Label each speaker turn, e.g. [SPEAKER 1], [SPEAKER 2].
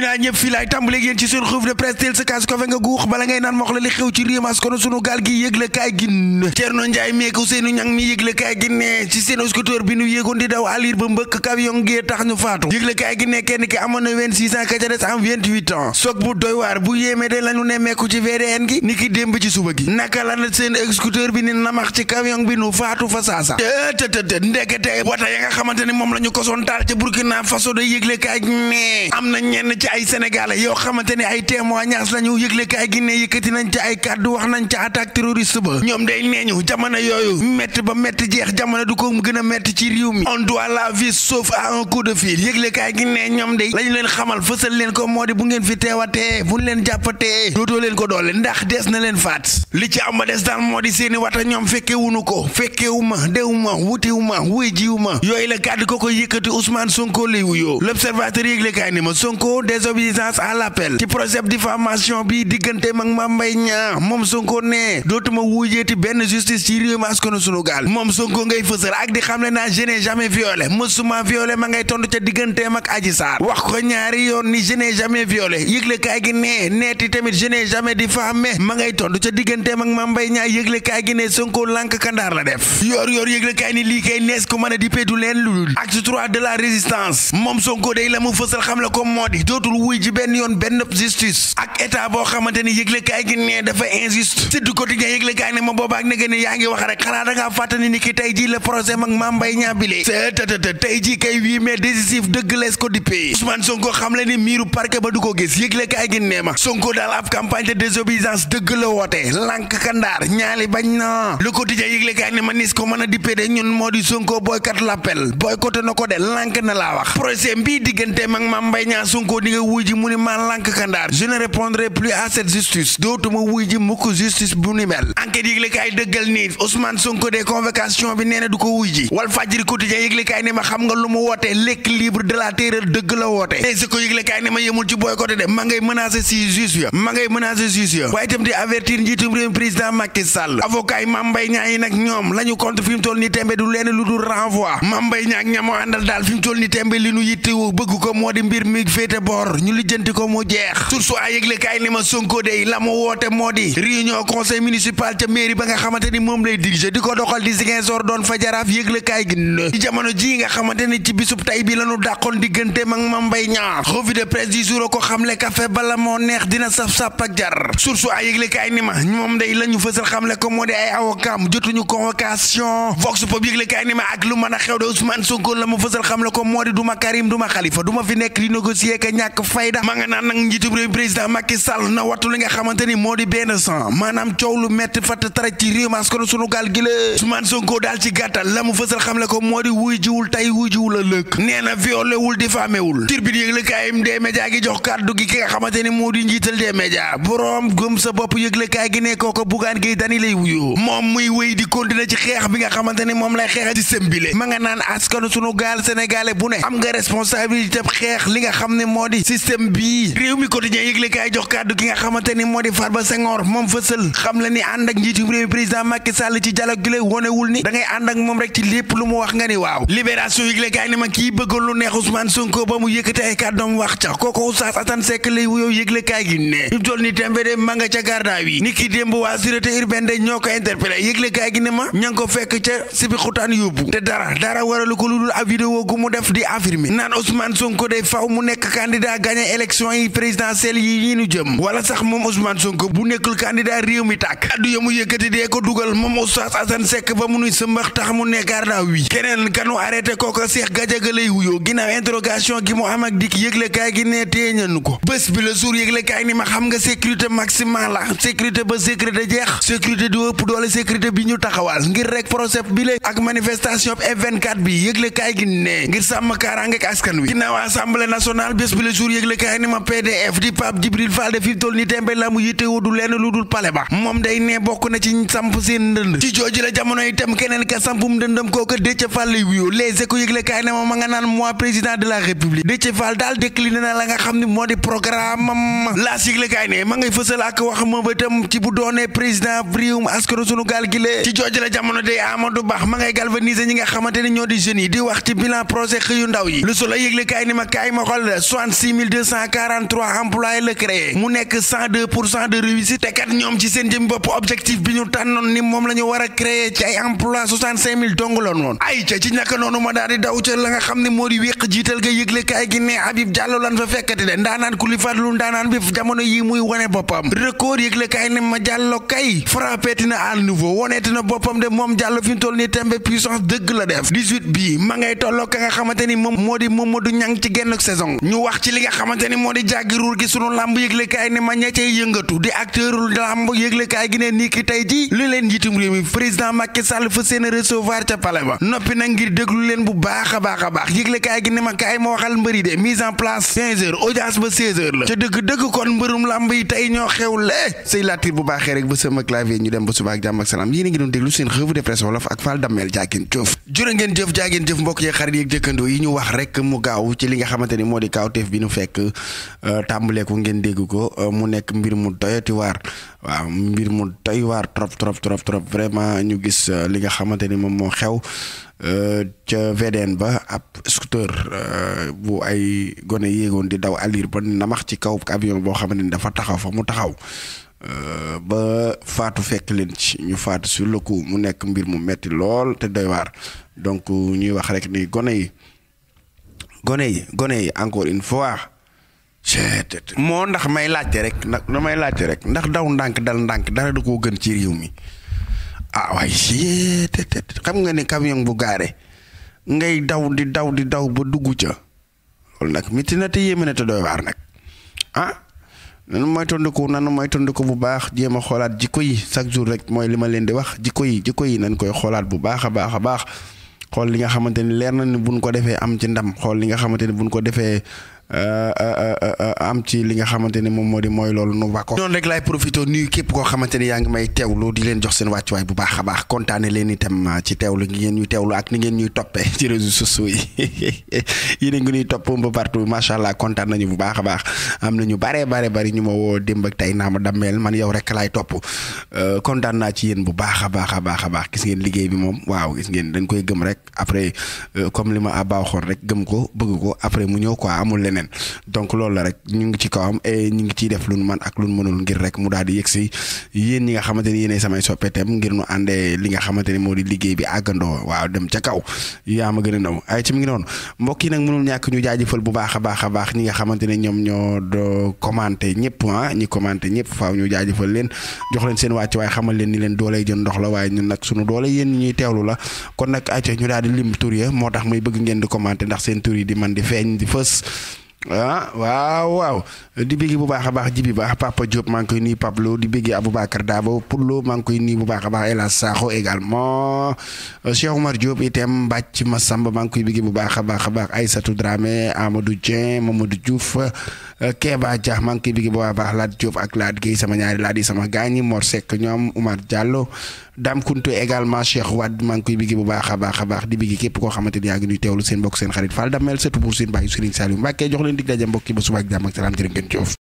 [SPEAKER 1] ñu naa ñëpp fii laay tàmbale ci seen revue de presse teel sa kaas nga guux bala ngay naan mox la xew ci réew kono sunu gaal gi yëgle kaay gi Cerno Njaay meek Ousseynou Ñang mi yëgle kaay gi ne ci seen scooter bi nu yéegoon di daw alir ba mbëkk kawiyon gee tax ñu faatu yëgle kaay gi ne kenn ki amoon na soog bu doy waar bu yéemee de lañu nemmeeku ci VDN gi ni ki démb ci suba gi naka la seen scooter bi ni namax ci kawiyon ay sénégalais yoo xamante ne ay témoignages lañu yëgle kaay gi ne yëkkati nañ ca ay kàddu wax nañ ca attaque terroriste ba ñoom day nee ñu jamono yooyu métti ba métti jeex jamono du ko gën a métti ci réew mi on doit la vie sauf à un coup de fil yëgle kaay ñoom day lañu leen xamal fësal leen ko moo di bu ngeen fi teewatee bu leen jàppatee dootoo leen ko doole ndax des na leen faat li ci am ba des daal moo di seeni wata ñoom fekke wunu ko fekkewu ma dewu ma wutiwu ma wuy jiwu ma yooyu la kàddu ko ko yëkkati Ousmane Sonko lay wuyoo l'observateur yëgle kaay ni ma Sonko désobéissance à l'appel ci procès diffamation bi diggante mag Mame Mbaye Niang moom Sonko ne dootuma wuujeeti benn justice ci réew mi askanu sunu gaal moom Sonko ngay fësal ak di xamle naa je n'ai jamais mësuma violé ma ngay tontu ca digganteem ak Adji Sarr wax ko ñaari yoon ni je n'ai jamais violé yëgle ma ngay tontu ca digganteem ak Mame Mbaye yëgle kaay gi ne Sonko lànk kandaar la def yoor yoor yëgle kaay ni lii kay nees ko mën a di pédu la résistance moom Sonko day dul wuy ji benn yoon benn justice ak état boo xamante ni yëglekaay gi ne dafa injuste Sud Quotidien yëglekaay ne ma boobaak ne yaa ngi wax rek xanaa da ngaa fàttali ki tey ji le procès mag Mame Mbaye Niang bile tëtëtë tey ji kay huit mai décisif dëgg lees ko di pay Ousmane Sonko xam le ni miiru parquet ba du ko gis yëglekaay gi ne ma Sonko daal ab campagne de désobéissance dëgg la woote lànk kandaar ñaali bañ na Le ko mën a wuy ji mu ni maa lànk kandaar je ne répondrai plus à justice dootuma wuy ji mukk justice bu ni mel enquête yëglekaay dëggal ni Ousmane Sonko de convocation bi nee du ko wuy ji Walf Fadjri quotidien yëglekaay ni ma xam nga lu mu woote l'équilibre de la dëgg la woote Les Échos yëglekaay ni ma yemul ci boycotté de ma ngay menacer si juge ya ma ngay menacer juge ya waaye itam avertir njiitum réew président Macky Sall avocat yi Mame Mbaye accord ñu lijjanti ko mu jeex sursu a yëgle kaay ni ma Sonko day la mu woote moo di réunion conseil municipal ca mairie ba nga xamante ni moom lay dirigé di ko doxal di Ziguinchor doon fa jaraaf yëgle kaay gi ci jamono ji nga xamante ci bisub tay bi lañu dàqoon diggante ma mbay ñaar revue de presse du jour ko xamle café bala moo neex dina saf sàpp ak jar sursu a yëgle kaay moom day la ñu fësal xamle ko moo di ay awokam jotuñu convocation vox a ñàkk fayda ma naan nag réew président Macky Sall na wattu li nga xamante ni moo di benn sang maanaam coow lu metti fatt tara ci réew mas ko sunu gaal gi la Ousmane Sonko daal ci gàttal la mu fësal xamle ko moo di wuy jiwul tey wuy jiwul ëllëg nee na violé wul diffamé wul turbine yëgle kaay des médias gi jox kàddu gi ki nga xamante ni moo di njiital des médias boroom gëm sa bopp yëgle kaay ne kooko bugaan gi dani lay wuyoo moom muy wéy di continuer ci xeex bi nga xamante moom lay xeex ci sëmbile ma nga naan askanu sunu gaal sénégalais bu ne am nga responsabilité xeex li nga xam ne moo di système bii réew mi quotidien yëgle jox kàddu ki nga xamante moo di Farba Senghor moom fësal xam la ni ànd ak njiitu réew mi président Macky ci da ngay ànd ak moom rek lépp lu mu wax nga ni waaw libération yëgle ni ma kii bëggoon lu neex Ousmane Sonko ba mu yëkkati ay kàddoom wax ca kooku Oustaz Assane Seck lay wuyoo yëgle gi ne ñu toll ni tembe de ma ca garda wi ni ki démb waa sûreté urbaine de ñoo ko interpellé yëgle kaay gi ne ma ña ngi ko fekk ca sibi xutaan yóbbu te dara dara mu def di affirmer naan Ousmane Sonko day faw candidat gagné yi présidentielle yi ñu jëm wala sax moom Ousmane Sonko bu nekkul candidat réew mi tàkk addu yamu yëkkati dee ko dugal moom Oustaz Assane Seck ba mu nuy sëmbax tax mu nekkaar daa wi keneen kanu arrêté kooka Cheikh Gadiaga lay wuyoo ginnaaw interrogation gi mu am ak dikk yëglekaay gi ne téeñanu ko bés bi la suur yëglekaay ni ma xam nga sécurité maximale la sécurité ba sécurité jeex sécurité di ëpp doole sécurité bi ñu taxawal ngir rek procès bi la ak manifestation F24 bi yëglekaay gi ne ngir sàmm jour yëgle kaay ni ma pdf di Pape la mu yittewoo du lenn lu dul pale jamono ma ma nga naan moi président de la république Déthié nga xam ne moo di programme am laas ma ngay fësal wax ma ba itam ci bu doonee président réewum askanu sunu gaal gi la ci jooji la jamono day Amadou Ba ma ngay galvaniser ñi nga xamante ni ñoo di jeunes yi di wax ci bilan projet xëyu ndaw yi le soleil yëgle kaay ni ma kaay ma xol 66 emplois la créé mu nekk cent pour cent de réussite te ñoom ci seen jëm bopp objectif bi ñu tànnoon ni moom la ñu war ci ay dong la noonu ay ca ci ñàkk noonu ma daal di daw ca la nga xam ne moo di wéq jiital ga yëgle kaay gi ne Habib Diallo lan fa fekkati de ndaanaan ku li fàttaliwul ndaanaan bi jamono yi muy wane boppam record yëgle kaay ma Diallo kay frappé na à nouveau woneeti na boppam de moom Diallo fi mu toll nii tembe puissance li nga xamante ni moo di jàggi ruur gi làmb yëglekaay ne ma ña cay di acteur làmb yëglekaay gi ne nii ki tey ji li leen njiitum réew mi président Macky Sall fa seen recevoir ca palais ba noppi nag ngir déglu leen bu baax a baax a baax yëglekaay gi ne ma kaay ma waxal mbëri de mise en place 15 heures audience ba 16 heures la ca dëgg-dëgg kon mbërum làmb yi tey ñoo xewle sëy laatir bu baaxee rek ba sama clavier ñu dem ba suba ak jàmm a fekk euh, tàmbaleeku ngeen dégg ko euh, mu nekk mbir mu doyati waar waaw mbir mu doy waar trop trop trop vraiment ñu gis euh, li nga xamante ni moom moo xew ca VDN ba ab scooter bu ay gone yéegoon di daw alir ba namax ci kaw avion boo xam ne dafa taxaw fa mu taxaw ba faatu fekk leen ci ñu faatu si le mu nekk mbir mu metti lool te doy waar donc ñuy wax rek ni gone yi gone yi gone yi encore une fois. moo ndax may laajte rek ndax may laajte rek ndax daw ndànk dal ndànk dara da koo gën ci réew mi ah waaye si xam nga ne camion bu gaare ngay daw di daw di daw ba dugg ca loolu nag métti na te yéeme na te doy waar nag ah nanu mooy tondiku nanu mooy tondiku bu baax jéem a xoolaat jikko yi chaque jour rek mooy li ma leen di wax jikko yi jikko yi nañ koy xoolaat bu baax a baax a baax xool li nga xamante ni leer na ni buñ ko defee am ci ndam xool li nga xamante ni buñ ko defee Euh, euh, euh, am ci li nga xamante ne moom moo di mooy loolu nu ba ko noonu laay profité nuyu képp koo xamante ne yaa ngi may teewlu di leen jox seen wàcc bu baax a baax kontaane leen itam ah, ci teewlu gi ngeen ñuy teewlu ak ni ngeen ñuy toppee ci réseaux sociaux yi yéen a ngi ñuy topp ba partout macha allah kontaan nañu bu baax a baax am na ñu bare bare bari ñu ma woo démb ak tey naa ma dammeel man yow rek laay topp kontaan naa ci yéen bu baax a baax a baax a baax gis ngeen liggéey bi moom waaw gis ngeen dañ koy gëm rek après comme li ma abaa xool rek gëm ko bëgg ko après mu ñëw quoi leneen donc loolu la rek ñu ngi ci kawam et eh, ñu ngi ciy def lu man ak lu nu mënul ngir rek mu daal di yegg si yéen ñi nga xamante ni yéenay samay soppeetem ngir nu àndee li nga xamante ni moo di liggéey bi àggandoo waaw dem ca kaw yaa gën a naw ay mi ngi noonu yi nag mënul ñàkk ñu jaajëfal bu baax a a baax ñi nga xamante ne ñoom ñoo do commenté ñëpp ah ñi commenté ñëpp faaw ñu jaajëfal leen jox leen seen wàcc waaye xamal leen ni leen dooley jën ndox la sunu doole yéen ñuy teewlu la kon nag ay ñu daal di lim tur moo tax muy bëgg ngeen di commenté ndax seen tur yi di man di feeñ di fës ah waaw waaw di bégg bu baax a baax jibi baax Papa Diop maa ngi koy nuyu Pablo di bégg Aboubacar daaboo Pullo maa ngi koy nii bu baax a baax El Hadj Sakho également Cheikh Oumar Diop itam Mbàcc Massamba maa ngi koy bégg bu baax a baax a baax Aïssatou Dramé Amadou Dieng du Diouf. Euh, Kéba Dia maa ngi koy bigi ba baax Laat Diop ak Laat Guèye sama ñaari laat yi sama gaañi Mor Seck ñoom Oumar Diallo Dame Kounté également Cheikh Wade maa ngi koy bigi bu baax a baax a baax di bigi képp koo xamante ni yaa ngi nuy teewlu seen mbokk seen xarit Fall Damel surtout pour seen bàyyi Serigne Saliou Mbacké jox leen dig daje mbokk yi ba suba ak ak salaam jërë ngeen jëf